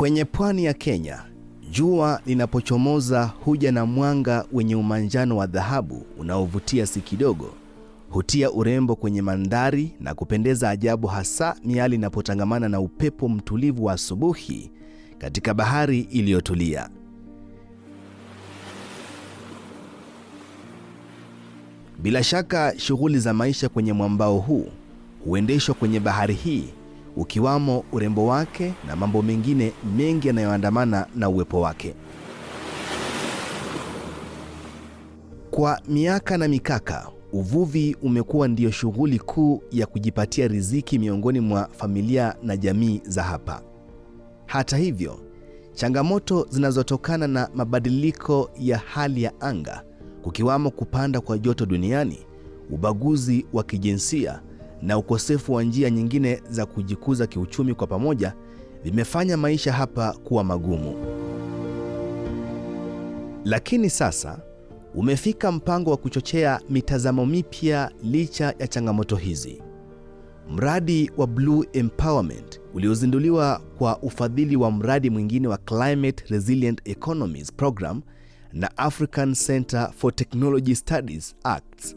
Kwenye pwani ya Kenya, jua linapochomoza huja na mwanga wenye umanjano wa dhahabu unaovutia si kidogo. Hutia urembo kwenye mandhari na kupendeza ajabu, hasa miali inapotangamana na upepo mtulivu wa asubuhi katika bahari iliyotulia. Bila shaka, shughuli za maisha kwenye mwambao huu huendeshwa kwenye bahari hii ukiwamo urembo wake na mambo mengine mengi yanayoandamana na uwepo wake. Kwa miaka na mikaka, uvuvi umekuwa ndiyo shughuli kuu ya kujipatia riziki miongoni mwa familia na jamii za hapa. Hata hivyo, changamoto zinazotokana na mabadiliko ya hali ya anga, kukiwamo kupanda kwa joto duniani, ubaguzi wa kijinsia na ukosefu wa njia nyingine za kujikuza kiuchumi kwa pamoja vimefanya maisha hapa kuwa magumu. Lakini sasa umefika mpango wa kuchochea mitazamo mipya licha ya changamoto hizi. Mradi wa Blue Empowerment uliozinduliwa kwa ufadhili wa mradi mwingine wa Climate Resilient Economies Program na African Center for Technology Studies ACTS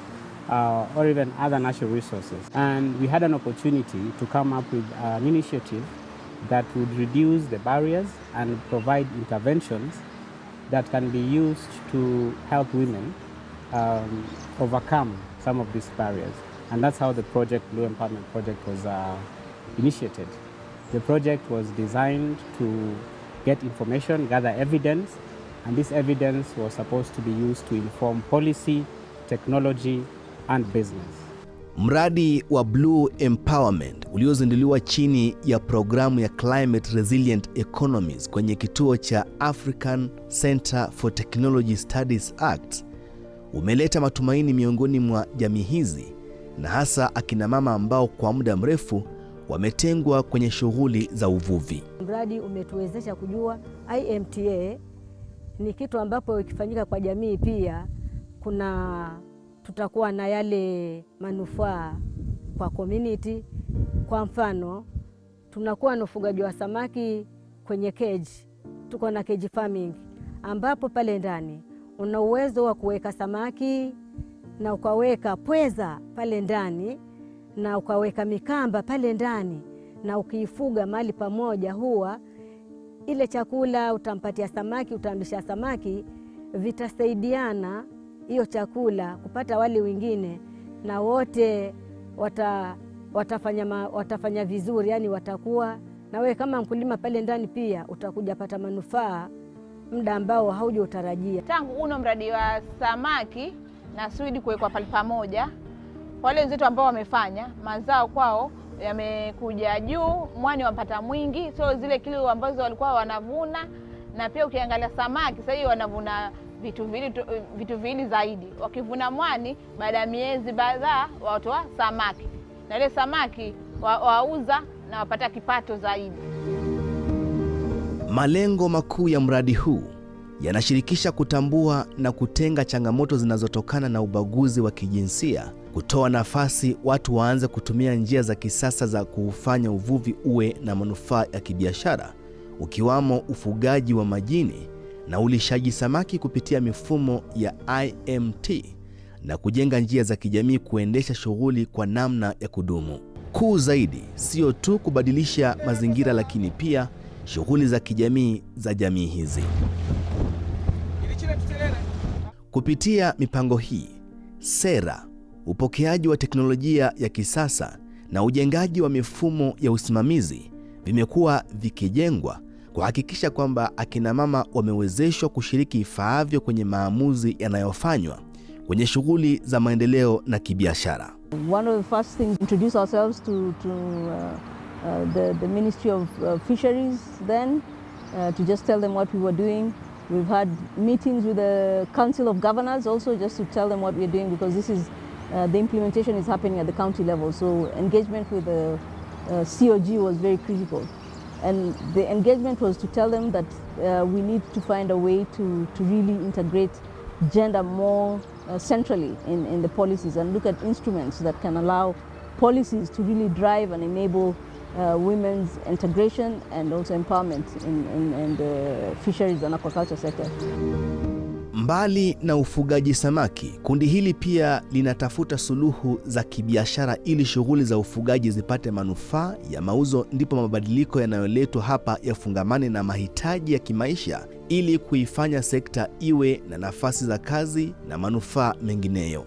uh, or even other natural resources. And we had an opportunity to come up with an initiative that would reduce the barriers and provide interventions that can be used to help women um, overcome some of these barriers. And that's how the project, Blue Empowerment Project, was uh, initiated. The project was designed to get information, gather evidence, and this evidence was supposed to be used to inform policy, technology, and business. Mradi wa Blue Empowerment uliozinduliwa chini ya programu ya Climate Resilient Economies kwenye kituo cha African Center for Technology Studies ACT umeleta matumaini miongoni mwa jamii hizi na hasa akina mama ambao kwa muda mrefu wametengwa kwenye shughuli za uvuvi. Mradi umetuwezesha kujua IMTA ni kitu ambapo ikifanyika kwa jamii pia kuna tutakuwa na yale manufaa kwa community. Kwa mfano, tunakuwa na ufugaji wa samaki kwenye keji, tuko na keji farming, ambapo pale ndani una uwezo wa kuweka samaki na ukaweka pweza pale ndani na ukaweka mikamba pale ndani, na ukiifuga mahali pamoja, huwa ile chakula utampatia samaki, utaambisha samaki, vitasaidiana hiyo chakula kupata wali wengine, na wote wata, watafanya, ma, watafanya vizuri, yani watakuwa na wewe kama mkulima pale ndani pia utakuja pata manufaa muda ambao hauja utarajia. Tangu uno mradi wa samaki na swidi kuwekwa pale pamoja, wale wenzetu ambao wamefanya mazao kwao yamekuja juu, mwani wampata mwingi, so zile kilo ambazo walikuwa wanavuna, na pia ukiangalia samaki sasa hivi wanavuna vitu viwili vitu viwili zaidi. Wakivuna mwani, baada ya miezi kadhaa watoa samaki, na ile samaki wauza wa na wapata kipato zaidi. Malengo makuu ya mradi huu yanashirikisha kutambua na kutenga changamoto zinazotokana na ubaguzi wa kijinsia, kutoa nafasi watu waanze kutumia njia za kisasa za kuufanya uvuvi uwe na manufaa ya kibiashara, ukiwamo ufugaji wa majini na ulishaji samaki kupitia mifumo ya IMT na kujenga njia za kijamii kuendesha shughuli kwa namna ya kudumu. Kuu zaidi, sio tu kubadilisha mazingira, lakini pia shughuli za kijamii za jamii hizi. Kupitia mipango hii, sera, upokeaji wa teknolojia ya kisasa na ujengaji wa mifumo ya usimamizi vimekuwa vikijengwa kuhakikisha kwamba akina mama wamewezeshwa kushiriki ifaavyo kwenye maamuzi yanayofanywa kwenye shughuli za maendeleo na kibiashara. One of the first things introduce ourselves to, to uh, uh, the, the Ministry of uh, Fisheries then uh, to just tell them what we were doing. We've had meetings with the Council of Governors also just to tell them what we're doing because this is uh, the implementation is happening at the county level. So engagement with the uh, COG was very critical. And the engagement was to tell them that uh, we need to find a way to, to really integrate gender more uh, centrally in, in the policies and look at instruments that can allow policies to really drive and enable uh, women's integration and also empowerment in, in, in the fisheries and aquaculture sector. Mbali na ufugaji samaki, kundi hili pia linatafuta suluhu za kibiashara ili shughuli za ufugaji zipate manufaa ya mauzo, ndipo mabadiliko yanayoletwa hapa yafungamane na mahitaji ya kimaisha ili kuifanya sekta iwe na nafasi za kazi na manufaa mengineyo.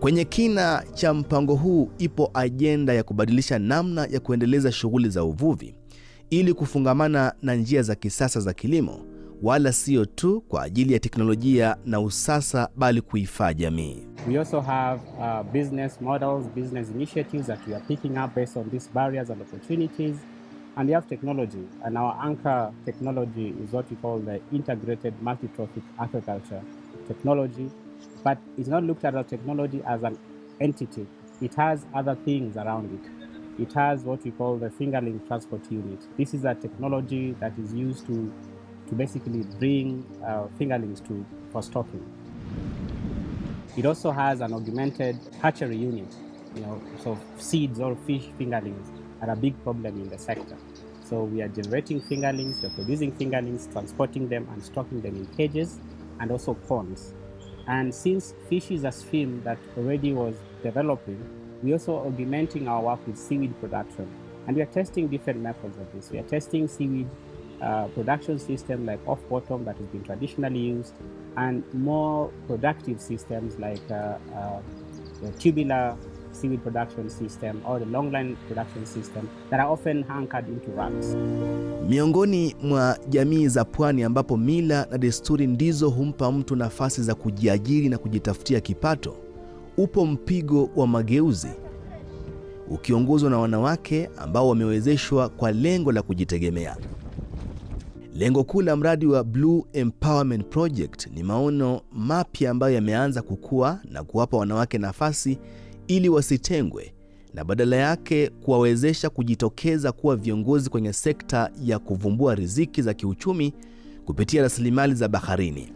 Kwenye kina cha mpango huu ipo ajenda ya kubadilisha namna ya kuendeleza shughuli za uvuvi ili kufungamana na njia za kisasa za kilimo wala sio tu kwa ajili ya teknolojia na usasa, bali kuifaa jamii. We also have uh, business models, business initiatives that we are picking up based on these barriers and opportunities. And we have technology. And our anchor technology is what we call the integrated multi-trophic aquaculture technology. But it's not looked at as technology as an entity. It has other things around it. It has what we call the fingerling transport unit. This is a technology that is used to to basically bring uh, fingerlings to for stocking. It also has an augmented hatchery unit, you know, so seeds or fish fingerlings are a big problem in the sector. So we are generating fingerlings, we're producing fingerlings, transporting them and stocking them in cages and also ponds. And since fish is a stream that already was developing, we're also augmenting our work with seaweed production. And we are testing different methods of this. We are testing seaweed uh, production system like off bottom that has been traditionally used, and more productive systems like uh, uh, the tubular seaweed production system or the longline production system that are often anchored into racks. Miongoni mwa jamii za pwani ambapo mila na desturi ndizo humpa mtu nafasi za kujiajiri na kujitafutia kipato, upo mpigo wa mageuzi ukiongozwa na wanawake ambao wamewezeshwa kwa lengo la kujitegemea. Lengo kuu la mradi wa Blue Empowerment Project ni maono mapya ambayo yameanza kukua na kuwapa wanawake nafasi ili wasitengwe na badala yake kuwawezesha kujitokeza kuwa viongozi kwenye sekta ya kuvumbua riziki za kiuchumi kupitia rasilimali za baharini.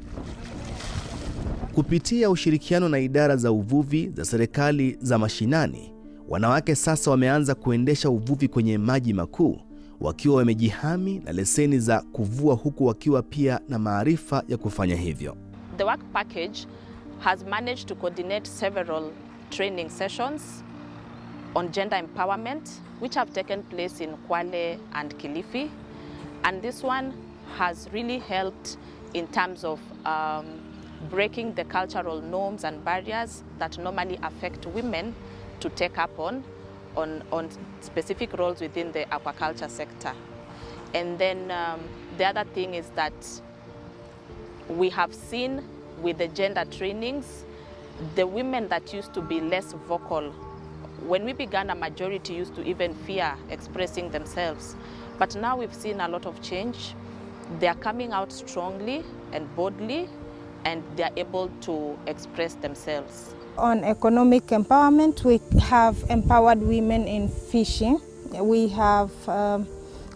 Kupitia ushirikiano na idara za uvuvi za serikali za mashinani, wanawake sasa wameanza kuendesha uvuvi kwenye maji makuu wakiwa wamejihami na leseni za kuvua huku wakiwa pia na maarifa ya kufanya hivyo. The work package has managed to coordinate several training sessions on gender empowerment which have taken place in Kwale and Kilifi and this one has really helped in terms of um, breaking the cultural norms and barriers that normally affect women to take up on on, on specific roles within the aquaculture sector. And then um, the other thing is that we have seen with the gender trainings, the women that used to be less vocal, when we began, a majority used to even fear expressing themselves. But now we've seen a lot of change. They are coming out strongly and boldly and they are able to express themselves. On economic empowerment, we have empowered women in fishing. We have um,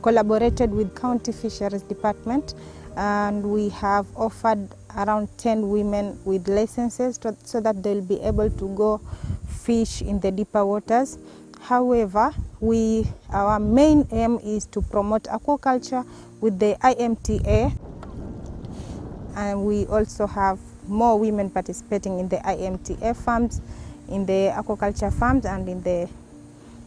collaborated with County Fisheries Department and we have offered around 10 women with licenses to, so that they'll be able to go fish in the deeper waters. However, we, our main aim is to promote aquaculture with the IMTA and we also have more women participating in the IMTF farms, in the aquaculture farms and in the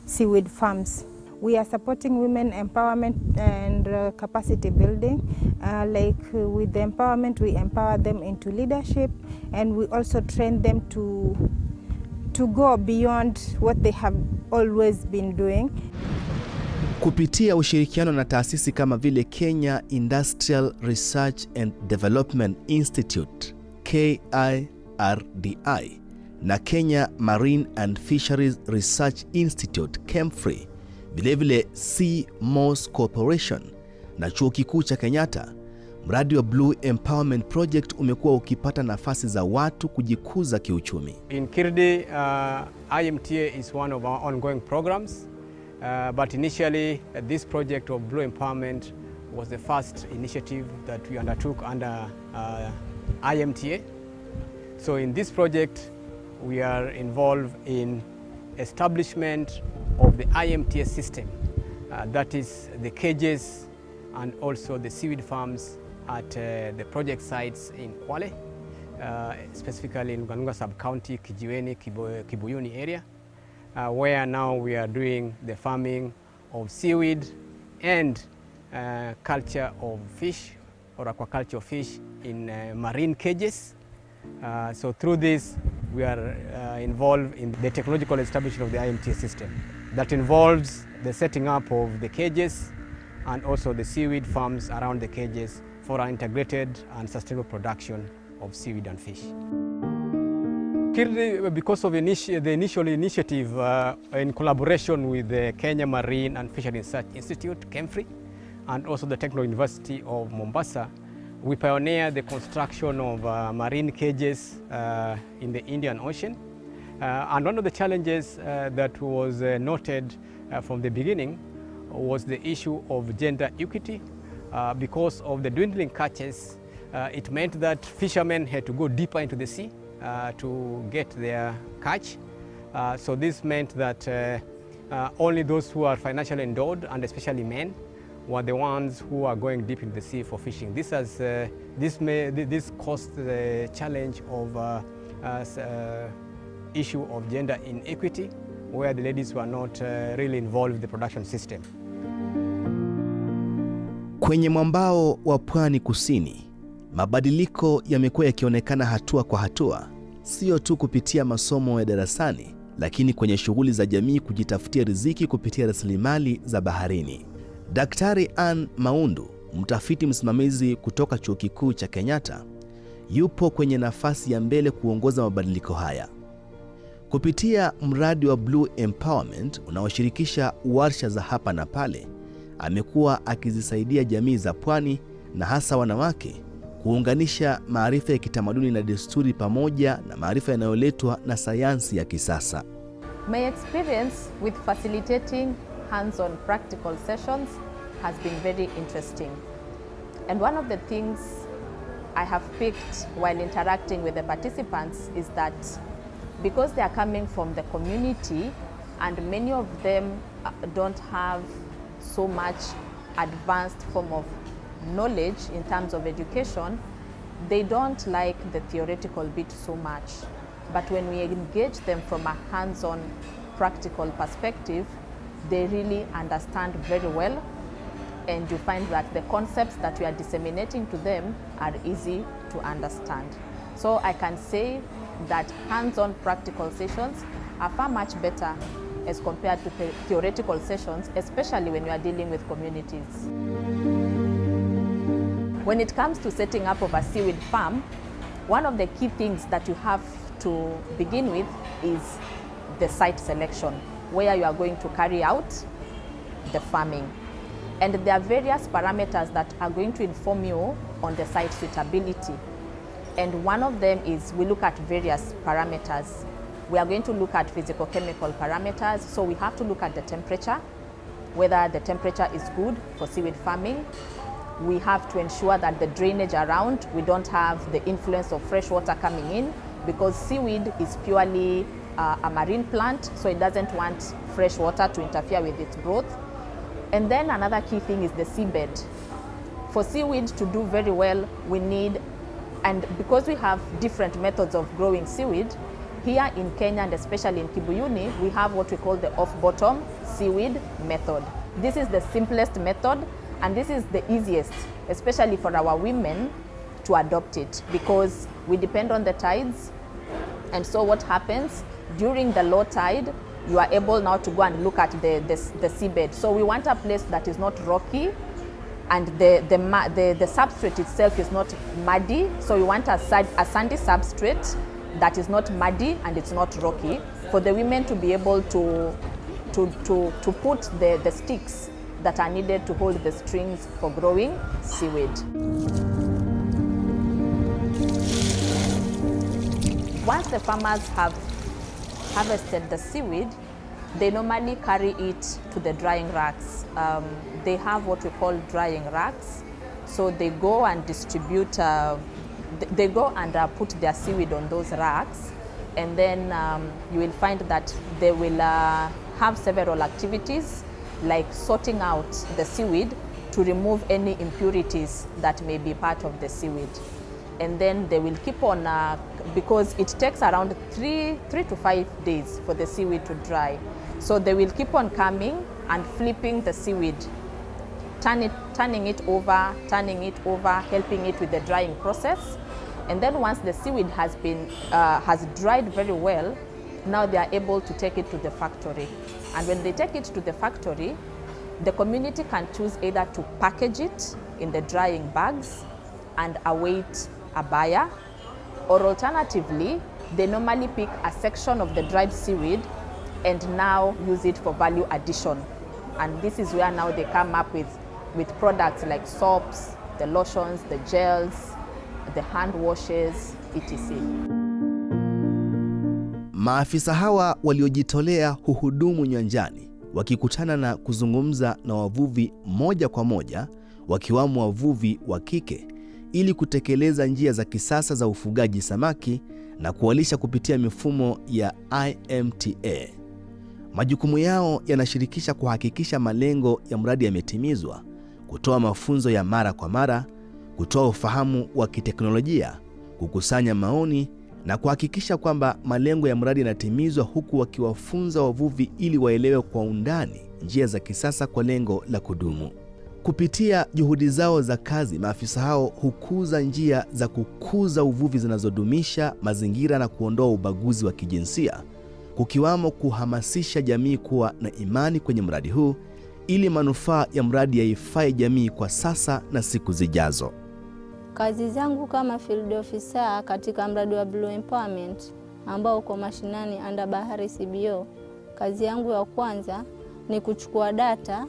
seaweed farms. We are supporting women empowerment and uh, capacity building. Uh, like uh, with the empowerment, we empower them into leadership and we also train them to, to go beyond what they have always been doing. kupitia ushirikiano na taasisi kama vile Kenya Industrial Research and Development Institute KIRDI na Kenya Marine and Fisheries Research Institute KEMFRI, vilevile Sea Moss Corporation na Chuo Kikuu cha Kenyatta, mradi wa Blue Empowerment Project umekuwa ukipata nafasi za watu kujikuza kiuchumi. In Kirdi, uh, IMTA is one of our ongoing programs. Uh, but initially uh, this project of Blue Empowerment was the first initiative that we undertook under uh, IMTA. So in this project we are involved in establishment of the IMTA system uh, that is the cages and also the seaweed farms at uh, the project sites in Kwale, uh, specifically in Ganunga sub-county, Kijiweni, Kibuyuni area uh, where now we are doing the farming of seaweed and uh, culture of fish or aquaculture fish in uh, marine cages. Uh, so through this, we are uh, involved in the technological establishment of the IMT system. That involves the setting up of the cages and also the seaweed farms around the cages for our integrated and sustainable production of seaweed and fish. Kirdi, because of initi the initial initiative uh, in collaboration with the Kenya Marine and Fishery Research Institute, KEMFRI, and also the Technical University of Mombasa, we pioneered the construction of uh, marine cages uh, in the Indian Ocean. Uh, and one of the challenges uh, that was uh, noted uh, from the beginning was the issue of gender equity. Uh, because of the dwindling catches, uh, it meant that fishermen had to go deeper into the sea uh, to get their catch. Uh, so this meant that uh, uh, only those who are financially endowed and especially men were the ones who are going deep in the sea for fishing. This has uh, this may this caused the challenge of uh, as, uh, issue of gender inequity, where the ladies were not uh, really involved in the production system. Kwenye mwambao wa pwani kusini, mabadiliko yamekuwa yakionekana hatua kwa hatua sio tu kupitia masomo ya darasani, lakini kwenye shughuli za jamii, kujitafutia riziki kupitia rasilimali za baharini. Daktari Ann Maundu, mtafiti msimamizi kutoka Chuo Kikuu cha Kenyatta, yupo kwenye nafasi ya mbele kuongoza mabadiliko haya kupitia mradi wa Blue Empowerment unaoshirikisha warsha za hapa na pale. Amekuwa akizisaidia jamii za pwani na hasa wanawake kuunganisha maarifa ya kitamaduni na desturi pamoja na maarifa yanayoletwa na sayansi ya kisasa. My experience with facilitating hands-on practical sessions has been very interesting. And one of the things I have picked while interacting with the participants is that because they are coming from the community and many of them uh, don't have so much advanced form of knowledge in terms of education, they don't like the theoretical bit so much. But when we engage them from a hands on practical perspective, they really understand very well. And you find that the concepts that we are disseminating to them are easy to understand. So I can say that hands on practical sessions are far much better as compared to the theoretical sessions, especially when you are dealing with communities. When it comes to setting up of a seaweed farm, one of the key things that you have to begin with is the site selection, where you are going to carry out the farming. And there are various parameters that are going to inform you on the site suitability. And one of them is we look at various parameters. We are going to look at physical chemical parameters, so we have to look at the temperature, whether the temperature is good for seaweed farming we have to ensure that the drainage around, we don't have the influence of fresh water coming in because seaweed is purely uh, a marine plant, so it doesn't want fresh water to interfere with its growth. And then another key thing is the seabed. For seaweed to do very well, we need, and because we have different methods of growing seaweed, here in Kenya and especially in Kibuyuni, we have what we call the off-bottom seaweed method. This is the simplest method and this is the easiest, especially for our women, to adopt it because we depend on the tides. And so, what happens during the low tide, you are able now to go and look at the, the, the seabed. So, we want a place that is not rocky and the, the, the, the substrate itself is not muddy. So, you want a, a sandy substrate that is not muddy and it's not rocky for the women to be able to, to, to, to put the, the sticks that are needed to hold the strings for growing seaweed. Once the farmers have harvested the seaweed, they normally carry it to the drying racks. Um, they have what we call drying racks. So they go and distribute, uh, they go and uh, put their seaweed on those racks. And then um, you will find that they will uh, have several activities like sorting out the seaweed to remove any impurities that may be part of the seaweed. And then they will keep on, uh, because it takes around three, three to five days for the seaweed to dry. So they will keep on coming and flipping the seaweed, turn it, turning it over, turning it over, helping it with the drying process. And then once the seaweed has been, uh, has dried very well, now they are able to take it to the factory. And when they take it to the factory, the community can choose either to package it in the drying bags and await a buyer, or alternatively, they normally pick a section of the dried seaweed and now use it for value addition. And this is where now they come up with, with products like soaps, the lotions, the gels, the hand washes, etc. Maafisa hawa waliojitolea huhudumu nyanjani wakikutana na kuzungumza na wavuvi moja kwa moja, wakiwamo wavuvi wa kike ili kutekeleza njia za kisasa za ufugaji samaki na kuwalisha kupitia mifumo ya IMTA. Majukumu yao yanashirikisha kuhakikisha malengo ya mradi yametimizwa, kutoa mafunzo ya mara kwa mara, kutoa ufahamu wa kiteknolojia, kukusanya maoni na kuhakikisha kwamba malengo ya mradi yanatimizwa huku wakiwafunza wavuvi ili waelewe kwa undani njia za kisasa kwa lengo la kudumu. Kupitia juhudi zao za kazi, maafisa hao hukuza njia za kukuza uvuvi zinazodumisha mazingira na kuondoa ubaguzi wa kijinsia, kukiwamo kuhamasisha jamii kuwa na imani kwenye mradi huu ili manufaa ya mradi yaifae jamii kwa sasa na siku zijazo. Kazi zangu kama field officer katika mradi wa Blue Empowerment ambao uko mashinani anda bahari CBO. Kazi yangu ya kwanza ni kuchukua data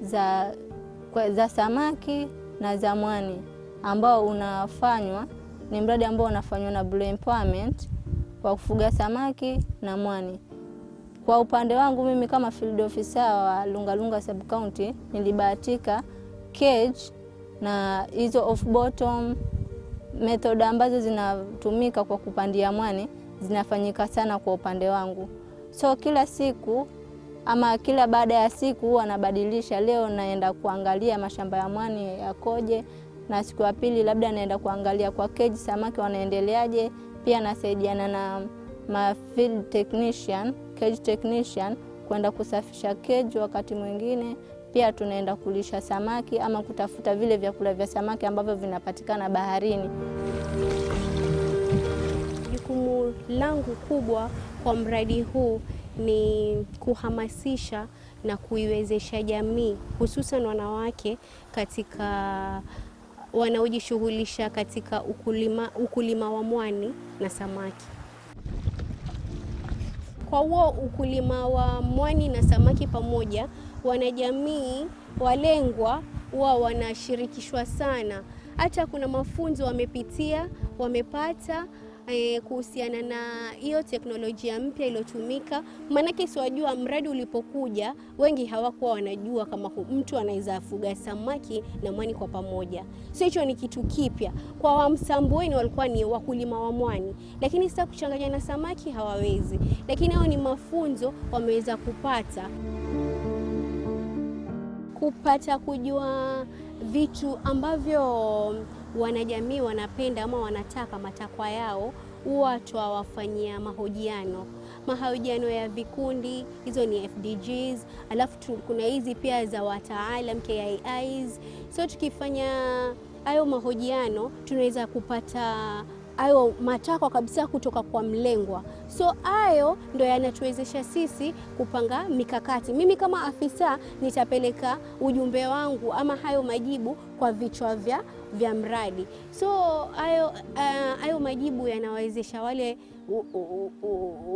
za, za samaki na za mwani ambao unafanywa ni mradi ambao unafanywa na Blue Empowerment wa kufuga samaki na mwani. Kwa upande wangu mimi kama field officer wa Lungalunga sub county nilibahatika cage na hizo off bottom method ambazo zinatumika kwa kupandia mwani zinafanyika sana kwa upande wangu. So kila siku ama kila baada ya siku huwa nabadilisha. Leo naenda kuangalia mashamba ya mwani yakoje, na siku ya pili labda naenda kuangalia kwa keji samaki wanaendeleaje. Pia nasaidiana na ma field technician, cage technician kwenda kusafisha keji wakati mwingine. Pia tunaenda kulisha samaki ama kutafuta vile vyakula vya samaki ambavyo vinapatikana baharini. Jukumu langu kubwa kwa mradi huu ni kuhamasisha na kuiwezesha jamii hususan wanawake katika wanaojishughulisha katika ukulima, ukulima wa mwani na samaki. Kwa huo ukulima wa mwani na samaki pamoja wanajamii walengwa huwa wanashirikishwa sana. Hata kuna mafunzo wamepitia wamepata E, kuhusiana na hiyo teknolojia mpya iliyotumika, maanake siwajua, mradi ulipokuja wengi hawakuwa wanajua kama mtu anaweza afuga samaki na mwani kwa pamoja, so hicho ni kitu kipya kwa Wamsambweni. Walikuwa ni wakulima wa mwani, lakini sasa kuchanganya na samaki hawawezi, lakini hao ni mafunzo wameweza kupata kupata kujua vitu ambavyo wanajamii wanapenda ama wanataka, matakwa yao, huwa twawafanyia mahojiano, mahojiano ya vikundi, hizo ni FDGs. Alafu kuna hizi pia za wataalam KIIs. So tukifanya hayo mahojiano tunaweza kupata ayo matakwa kabisa kutoka kwa mlengwa. So ayo ndo yanatuwezesha sisi kupanga mikakati. Mimi kama afisa nitapeleka ujumbe wangu ama hayo majibu kwa vichwa vya, vya mradi. So ayo, uh, ayo majibu yanawezesha wale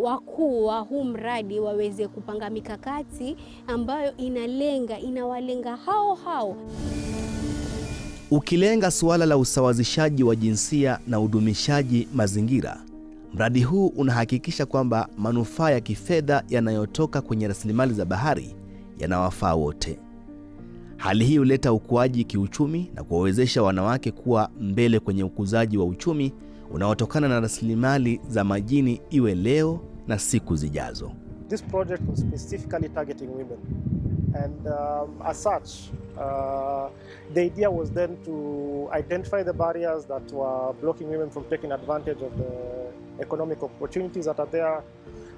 wakuu wa huu mradi waweze kupanga mikakati ambayo inalenga inawalenga hao hao ukilenga suala la usawazishaji wa jinsia na udumishaji mazingira. Mradi huu unahakikisha kwamba manufaa ya kifedha yanayotoka kwenye rasilimali za bahari yanawafaa wote. Hali hii huleta ukuaji kiuchumi na kuwawezesha wanawake kuwa mbele kwenye ukuzaji wa uchumi unaotokana na rasilimali za majini, iwe leo na siku zijazo. This project was specifically targeting women and um, as such Uh, the idea was then to identify the barriers that were blocking women from taking advantage of the economic opportunities that are there,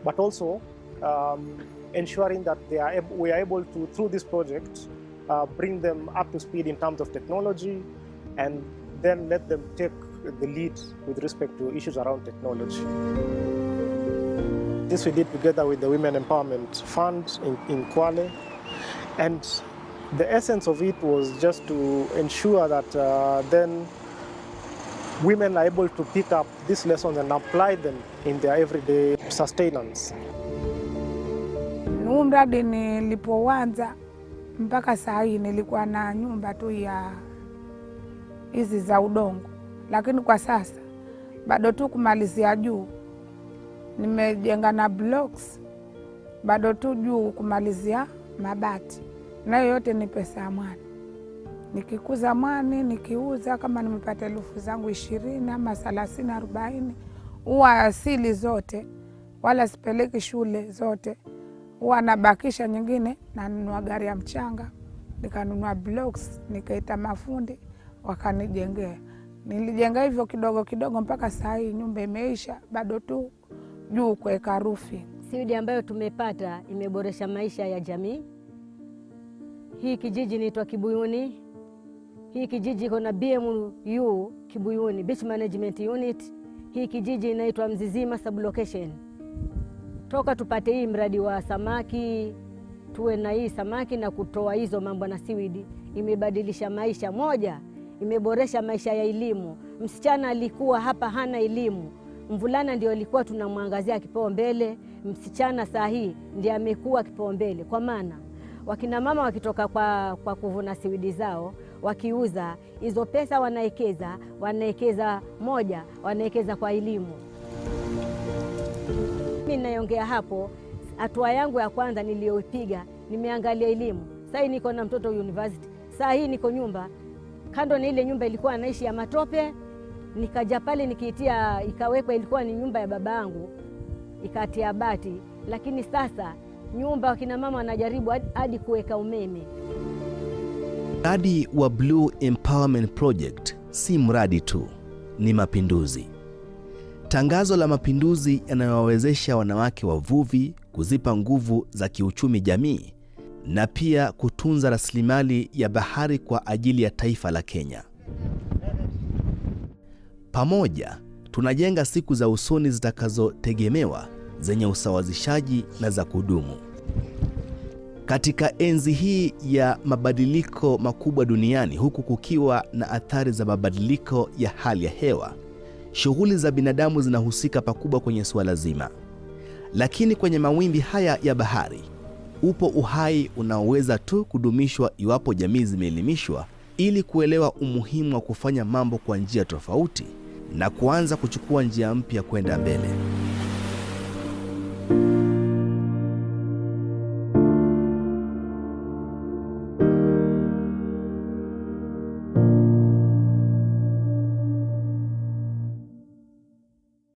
but also um, ensuring that they are, we are able to, through this project, uh, bring them up to speed in terms of technology and then let them take the lead with respect to issues around technology. This we did together with the Women Empowerment Fund in, in Kwale. And The essence of it was just to ensure that uh, then women are able to pick up these lessons and apply them in their everyday sustenance. Huu mradi nilipoanza mpaka saa hii nilikuwa na nyumba tu ya hizi za udongo, lakini kwa sasa bado tu kumalizia juu, nimejenga na blocks, bado tu juu kumalizia mabati nayo yote ni pesa ya mwani. Nikikuza mwani nikiuza, kama nimepata elfu zangu ishirini ama thalathini arobaini, huwa asili zote, wala sipeleki shule zote, huwa nabakisha nyingine. Nanunua gari ya mchanga, nikanunua blocks, nikaita mafundi wakanijengea. Nilijenga hivyo kidogo kidogo mpaka saa hii nyumba imeisha, bado tu juu kuweka rufi. Sidi ambayo tumepata imeboresha maisha ya jamii. Hii kijiji inaitwa Kibuyuni. Hii kijiji iko na BMU Kibuyuni, Beach Management Unit. Hii kijiji inaitwa Mzizima sublocation. Toka tupate hii mradi wa samaki, tuwe na hii samaki na kutoa hizo mambo na siwidi, imebadilisha maisha. Moja, imeboresha maisha ya elimu. Msichana alikuwa hapa hana elimu, mvulana ndio alikuwa tunamwangazia mbele. msichana saa hii ndiye amekuwa mbele kwa maana wakina mama wakitoka kwa, kwa kuvuna siwidi zao wakiuza hizo pesa wanaekeza, wanaekeza moja, wanaekeza kwa elimu. mi ninayongea hapo, hatua yangu ya kwanza niliyoipiga nimeangalia elimu. Saa hii niko na mtoto university, saa hii niko nyumba kando na ile nyumba ilikuwa anaishi ya matope, nikaja pale nikiitia, ikawekwa, ilikuwa ni nyumba ya baba yangu, ikatia bati, lakini sasa nyumba, wakina mama wanajaribu hadi kuweka umeme. Mradi wa Blue Empowerment Project si mradi tu, ni mapinduzi. Tangazo la mapinduzi yanayowawezesha wanawake wavuvi kuzipa nguvu za kiuchumi jamii na pia kutunza rasilimali ya bahari kwa ajili ya taifa la Kenya. Pamoja tunajenga siku za usoni zitakazotegemewa zenye usawazishaji na za kudumu. Katika enzi hii ya mabadiliko makubwa duniani, huku kukiwa na athari za mabadiliko ya hali ya hewa, shughuli za binadamu zinahusika pakubwa kwenye suala zima. Lakini kwenye mawimbi haya ya bahari upo uhai unaoweza tu kudumishwa iwapo jamii zimeelimishwa ili kuelewa umuhimu wa kufanya mambo kwa njia tofauti na kuanza kuchukua njia mpya kwenda mbele.